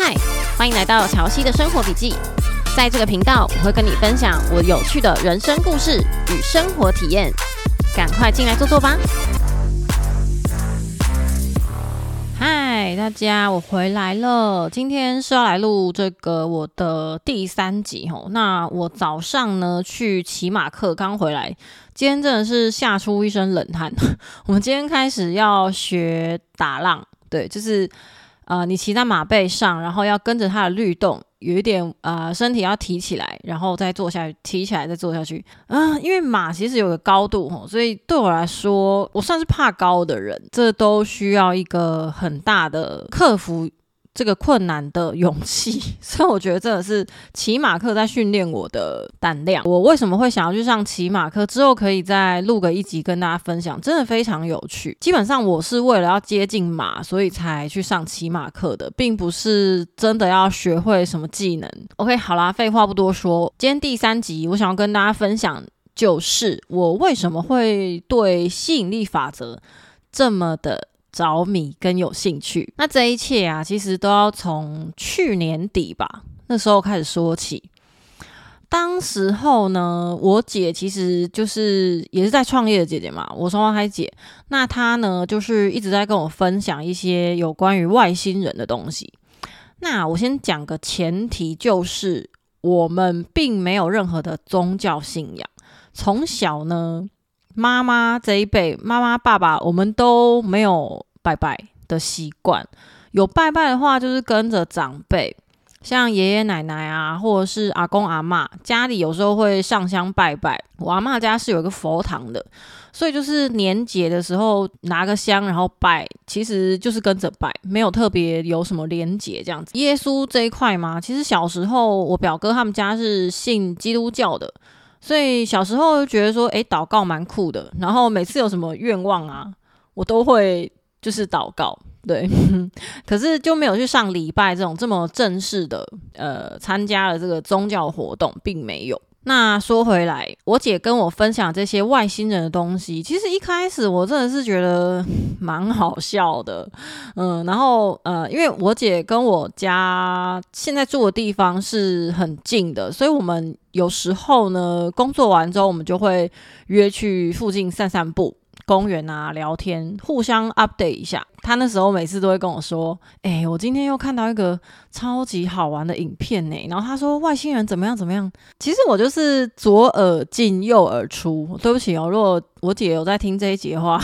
嗨，Hi, 歡迎來到蕎希的生活筆記。在這個頻道，我會跟你分享我有趣的人生故事與生活體驗。趕快進來坐坐吧！嗨，大家，我回來了。今天是要來錄這個我的第三集哦。那我早上呢去騎馬課剛回來，今天真的是嚇出一身冷汗。 我們今天開始要學打浪，對，就是。啊、呃，你騎在馬背上，然後要跟着它的律動，有一點啊、呃，身體要提起來，然後再坐下去，提起來再坐下去啊、呃。因為馬其實有個高度吼，所以對我來說，我算是怕高的人，這都需要一個很大的克服。這個困難的勇氣，所以我覺得真的是騎馬課在訓練我的膽量。我為什麼會想要去上騎馬課？之後可以再錄個一集跟大家分享，真的非常有趣。基本上我是為了要接近馬，所以才去上騎馬課的，並不是真的要學會什麼技能。OK，好啦，廢話不多說，今天第三集我想要跟大家分享，就是我為什麼會對吸引力法則這麼的。着迷跟有興趣，那這一切啊，其實都要從去年底吧，那時候開始說起。當時候呢，我姐其實就是也是在創業的姐姐嘛，我雙胞胎姐。那她呢，就是一直在跟我分享一些有關於外星人的東西。那我先講個前提，就是我們並沒有任何的宗教信仰。從小呢，媽媽這一輩，媽媽爸爸，我們都沒有。拜拜的習慣，有拜拜的話就是跟着長輩，像爺爺奶奶啊，或者是阿公阿嬤，家裡有時候會上香拜拜。我阿嬤家是有一個佛堂的，所以就是年節的時候拿個香然後拜，其實就是跟着拜，沒有特別有什麼連結這樣子。耶穌這一塊嘛，其實小時候我表哥他們家是信基督教的，所以小時候就覺得說，誒、欸，禱告蠻酷的。然後每次有什麼願望啊，我都會。就是禱告，對， 可是就沒有去上禮拜這種這麼正式的，呃，參加了這個宗教活動，並沒有。那說回來，我姐跟我分享這些外星人的東西，其實一開始我真的是覺得蠻好笑的，嗯，然後呃，因為我姐跟我家現在住的地方是很近的，所以我們有時候呢，工作完之後，我們就會約去附近散散步。公園啊，聊天，互相 update 一下。他那時候每次都會跟我說：“哎，我今天又看到一個超級好玩的影片呢。”然後他說：“外星人怎麼樣怎麼樣？”其實我就是左耳進右耳出。對不起哦，如果我姐有在聽這一集的話，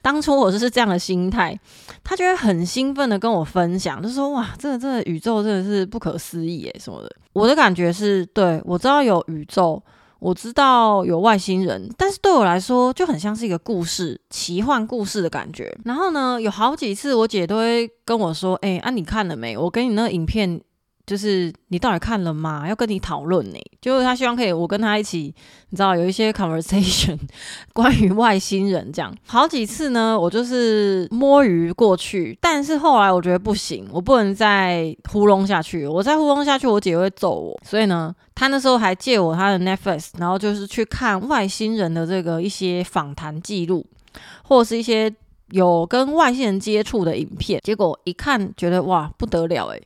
當初我就是這樣的心態。他就會很興奮的跟我分享，就說：“哇，這個這個宇宙真的是不可思議誒，什麼的。”我的感覺是，對，我知道有宇宙。我知道有外星人，但是對我來說就很像是一個故事，奇幻故事的感覺。然後呢，有好幾次我姐都會跟我說：“欸，啊，你看了沒？我給你那個影片。”就是你到底看了嗎？要跟你討論呢？就是他希望可以我跟他一起，你知道有一些 conversation 關於外星人這樣。好幾次呢，我就是摸魚過去，但是後來我覺得不行，我不能再呼嚨下去。我再呼嚨下去，我姐也會揍我。所以呢，他那時候還借我他的 Netflix，然後就是去看外星人的這個一些訪談記錄，或者是一些。有跟外星人接觸的影片，結果一看覺得哇不得了誒，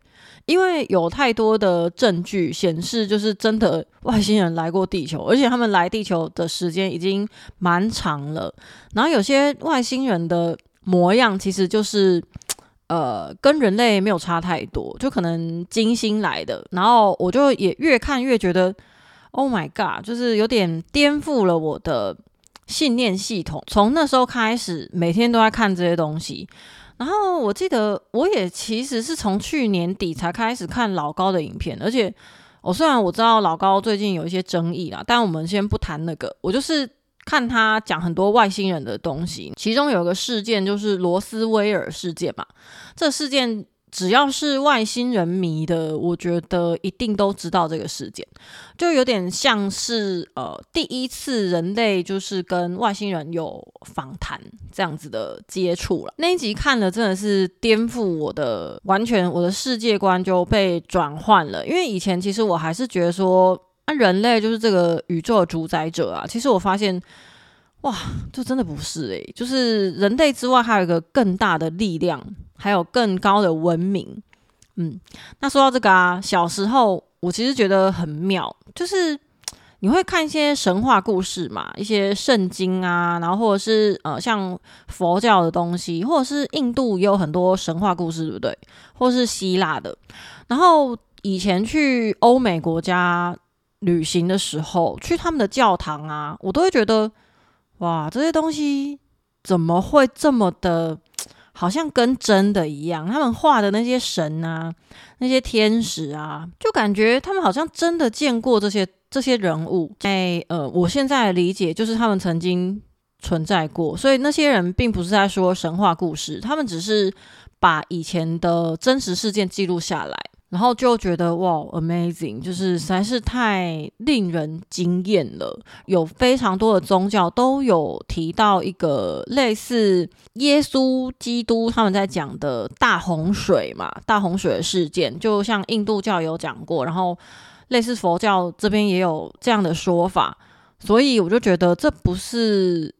因為有太多的證據顯示，就是真的外星人來過地球，而且他們來地球的時間已經蠻長了。然後有些外星人的模樣其實就是，呃，跟人類沒有差太多，就可能金星來的。然後我就也越看越覺得，Oh my god，就是有點顛覆了我的。信念系統從那時候開始，每天都在看這些東西。然後我記得，我也其實是從去年底才開始看老高的影片。而且，我、哦、雖然我知道老高最近有一些爭議啦，但我們先不談那個。我就是看他講很多外星人的東西，其中有個事件就是羅斯威爾事件嘛。這個、事件。只要是外星人迷的，我覺得一定都知道這個事件，就有點像是呃，第一次人類就是跟外星人有訪談這樣子的接觸了。那一集看了，真的是顛覆我的，完全我的世界觀就被轉換了。因為以前其實我還是覺得說那，啊，人類就是這個宇宙的主宰者啊。其實我發現。哇，這真的不是哎、欸，就是人類之外還有一個更大的力量，還有更高的文明。嗯，那說到這個啊，小時候我其實覺得很妙，就是你會看一些神話故事嘛，一些聖經啊，然後或者是呃像佛教的東西，或者是印度也有很多神話故事，對不對？或者是希臘的。然後以前去歐美國家旅行的時候，去他們的教堂啊，我都會覺得。哇，這些東西怎麼會這麼的，好像跟真的一樣？他們畫的那些神啊，那些天使啊，就感覺他們好像真的見過這些這些人物。哎，呃，我現在的理解就是他們曾經存在過，所以那些人並不是在說神話故事，他們只是把以前的真實事件記錄下來。然後就覺得哇，amazing，就是實在是太令人驚艷了。有非常多的宗教都有提到一個類似耶穌基督他們在講的大洪水嘛，大洪水事件，就像印度教有講過，然後類似佛教這邊也有這樣的說法。所以我就覺得這不是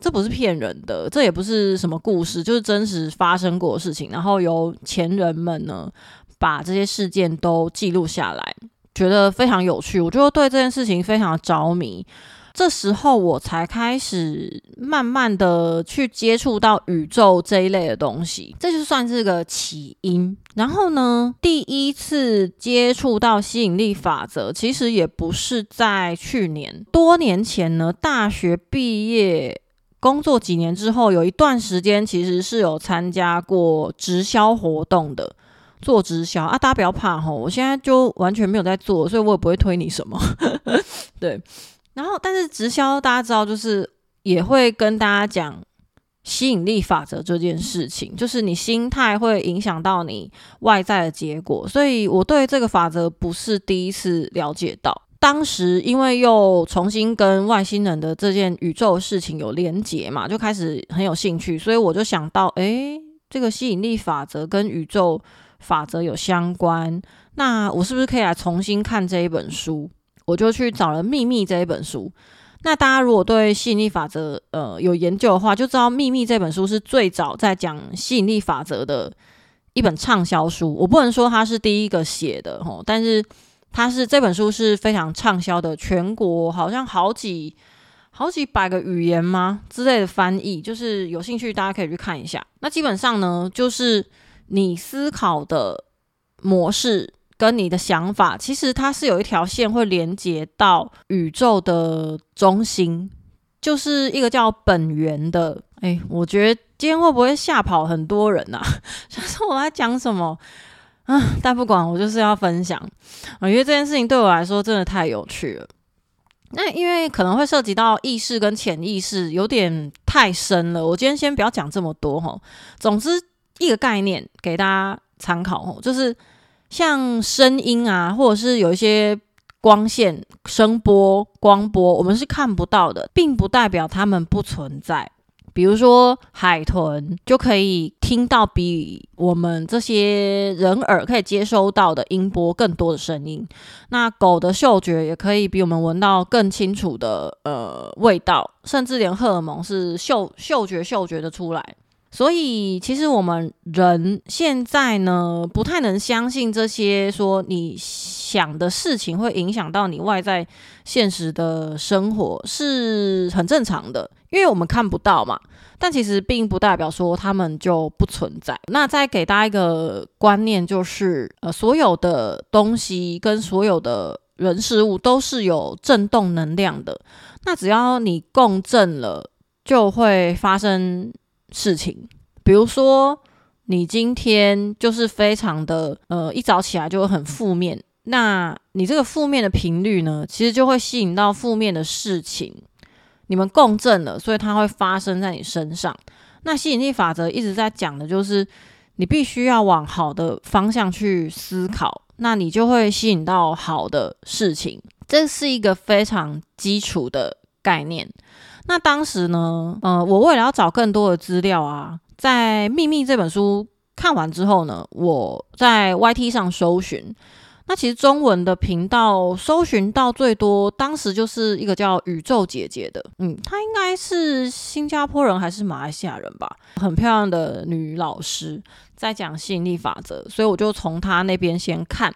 這不是騙人的，這也不是什麼故事，就是真實發生過的事情。然後由前人們呢。把這些事件都記錄下來，覺得非常有趣。我覺得對這件事情非常着迷。這時候我才開始慢慢的去接觸到宇宙這一類的東西，這就算是個起因。然後呢，第一次接觸到吸引力法則，其實也不是在去年，多年前呢，大學畢業、工作幾年之後，有一段時間其實是有參加過直銷活動的。做直銷啊，大家不要怕吼！我現在就完全沒有在做，所以我也不會推你什麼。 對，然後但是直銷大家知道，就是也會跟大家講吸引力法則這件事情，就是你心態會影響到你外在的結果。所以我對這個法則不是第一次了解到，當時因為又重新跟外星人的這件宇宙事情有連結嘛，就開始很有興趣，所以我就想到，誒、欸，這個吸引力法則跟宇宙。法則有相關，那我是不是可以來重新看這一本書？我就去找了《秘密》這一本書。那大家如果對吸引力法則呃有研究的話，就知道《秘密》這本書是最早在講吸引力法則的一本暢銷書。我不能說它是第一個寫的哦，但是它是這本書是非常暢銷的，全國好像好幾好幾百個語言嗎之類的翻譯，就是有興趣大家可以去看一下。那基本上呢，就是。你思考的模式跟你的想法，其實它是有一條線會連接到宇宙的中心，就是一個叫本源的。哎，我覺得今天會不會嚇跑很多人吶？啊？想說我在講什麼啊？但不管，我就是要分享。我覺得這件事情對我來說真的太有趣了。那因為可能會涉及到意識跟潛意識，有點太深了。我今天先不要講這麼多哈。總之。一個概念給大家參考哦，就是像聲音啊，或者是有一些光線、聲波、光波，我們是看不到的，並不代表它們不存在。比如說，海豚就可以聽到比我們這些人耳可以接收到的音波更多的聲音。那狗的嗅覺也可以比我們聞到更清楚的呃味道，甚至連荷爾蒙是嗅嗅覺嗅覺的出來。所以，其實我們人現在呢，不太能相信這些說你想的事情會影響到你外在現實的生活，是很正常的，因為我們看不到嘛。但其實並不代表說他們就不存在。那再給大家一個觀念，就是呃，所有的東西跟所有的人事物都是有振動能量的。那只要你共振了，就會發生。事情，比如說你今天就是非常的呃，一早起來就很負面，那你這個負面的頻率呢，其實就會吸引到負面的事情，你們共振了，所以它會發生在你身上。那吸引力法則一直在講的就是，你必須要往好的方向去思考，那你就會吸引到好的事情。這是一個非常基礎的概念。那當時呢，嗯、呃，我為了要找更多的資料啊，在《秘密》這本書看完之後呢，我在 YT 上搜尋。那其實中文的頻道搜尋到最多，當時就是一個叫“宇宙姐姐”的，嗯，她應該是新加坡人還是馬來西亞人吧，很漂亮的女老師在講吸引力法則，所以我就從她那邊先看，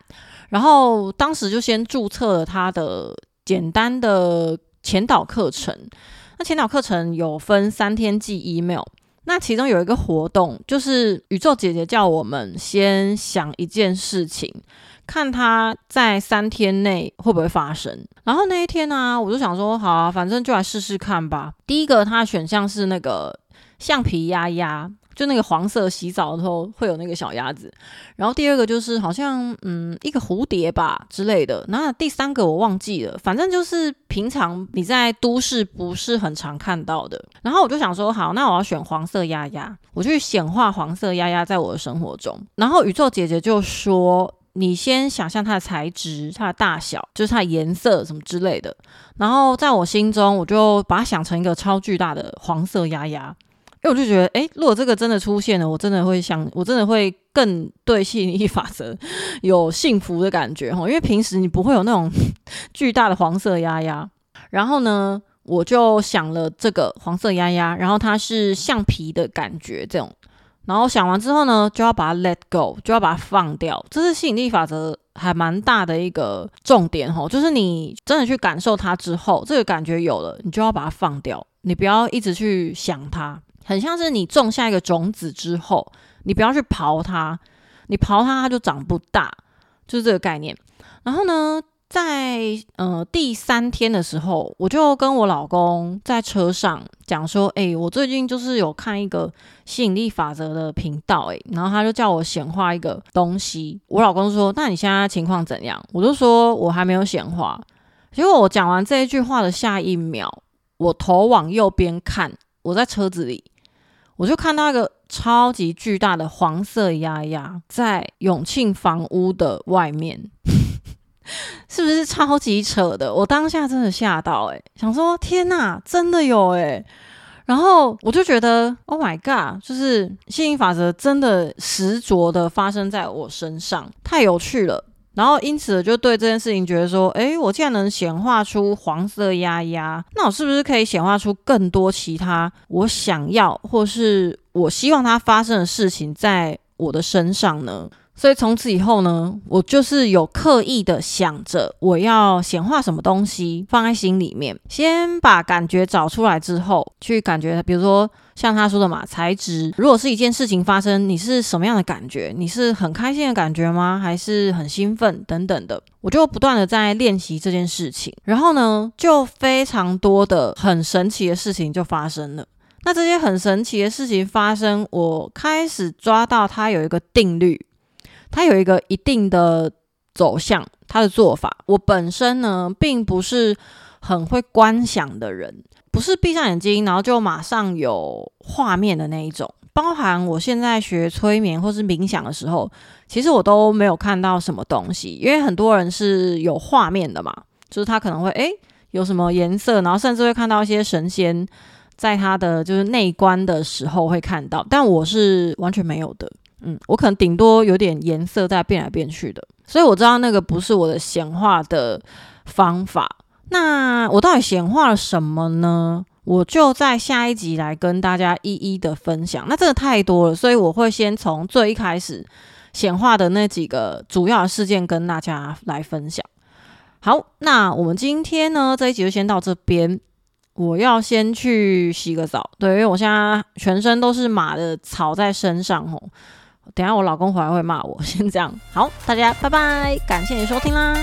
然後當時就先注冊了她的簡單的。前導課程，那前導課程有分三天寄 email，那其中有一個活動，就是宇宙姐姐叫我們先想一件事情，看它在三天內會不會發生。然後那一天呢、啊，我就想說，好啊，反正就來試試看吧。第一個，它的選項是那個橡皮鴨鴨。就那個黃色洗澡的時候會有那個小鴨子，然後第二個就是好像嗯一個蝴蝶吧之類的，那第三個我忘記了，反正就是平常你在都市不是很常看到的。然後我就想說好，那我要選黃色鴨鴨，我去顯化黃色鴨鴨在我的生活中。然後宇宙姐姐就說你先想象它的材質、它的大小，就是它的顏色什麼之類的。然後在我心中，我就把它想成一個超巨大的黃色鴨鴨。因為、欸、我就覺得，哎、欸，如果這個真的出現了，我真的會想，我真的會更對吸引力法則有幸福的感覺哈。因為平時你不會有那種巨大的黃色鴨鴨，然後呢，我就想了這個黃色鴨鴨，然後它是橡皮的感覺這種，然後想完之後呢，就要把它 let go，就要把它放掉。這是吸引力法則還蠻大的一個重點哈，就是你真的去感受它之後，這個感覺有了，你就要把它放掉，你不要一直去想它。很像是你種下一個種子之後，你不要去刨它，你刨它它就長不大，就是這個概念。然後呢，在呃第三天的時候，我就跟我老公在車上講說：“誒、欸，我最近就是有看一個吸引力法則的頻道、欸，誒，然後他就叫我顯化一個東西。我老公就說：“那你現在情況怎樣？”我就說：“我還沒有顯化。”結果我講完這一句話的下一秒，我頭往右邊看，我在車子裡。我就看到一個超級巨大的黃色鴨鴨在永慶房屋的外面， 是不是超級扯的？我當下真的嚇到、欸，哎，想說天哪，真的有哎、欸！然後我就覺得，Oh my god，就是吸引力法則真的實着的發生在我身上，太有趣了。然後，因此就對這件事情覺得說：“哎，我竟然能顯化出黃色鴨鴨，那我是不是可以顯化出更多其他我想要或是我希望它發生的事情在我的身上呢？”所以從此以後呢，我就是有刻意的想着我要顯化什麼東西放在心裡面，先把感覺找出來之後，去感覺，比如說像他說的嘛，材質。如果是一件事情發生，你是什麼樣的感覺？你是很開心的感覺嗎？還是很興奮等等的？我就不斷的在練習這件事情，然後呢，就非常多的很神奇的事情就發生了。那這些很神奇的事情發生，我開始抓到它有一個定律。它有一個一定的走向，它的做法。我本身呢，並不是很會觀想的人，不是閉上眼睛然後就馬上有畫面的那一種。包含我現在學催眠或是冥想的時候，其實我都沒有看到什麼東西，因為很多人是有畫面的嘛，就是他可能會誒有什麼顏色，然後甚至會看到一些神仙在他的就是內觀的時候會看到，但我是完全沒有的。嗯，我可能頂多有點顏色在變來變去的，所以我知道那個不是我的顯化的方法。那我到底顯化了什麼呢？我就在下一集來跟大家一一的分享。那這個太多了，所以我會先從最一開始顯化的那幾個主要的事件跟大家來分享。好，那我們今天呢，這一集就先到這邊。我要先去洗個澡，對，因為我現在全身都是馬的草在身上哦。等下我老公回來會罵我，先這樣。好，大家拜拜，感謝你收聽啦。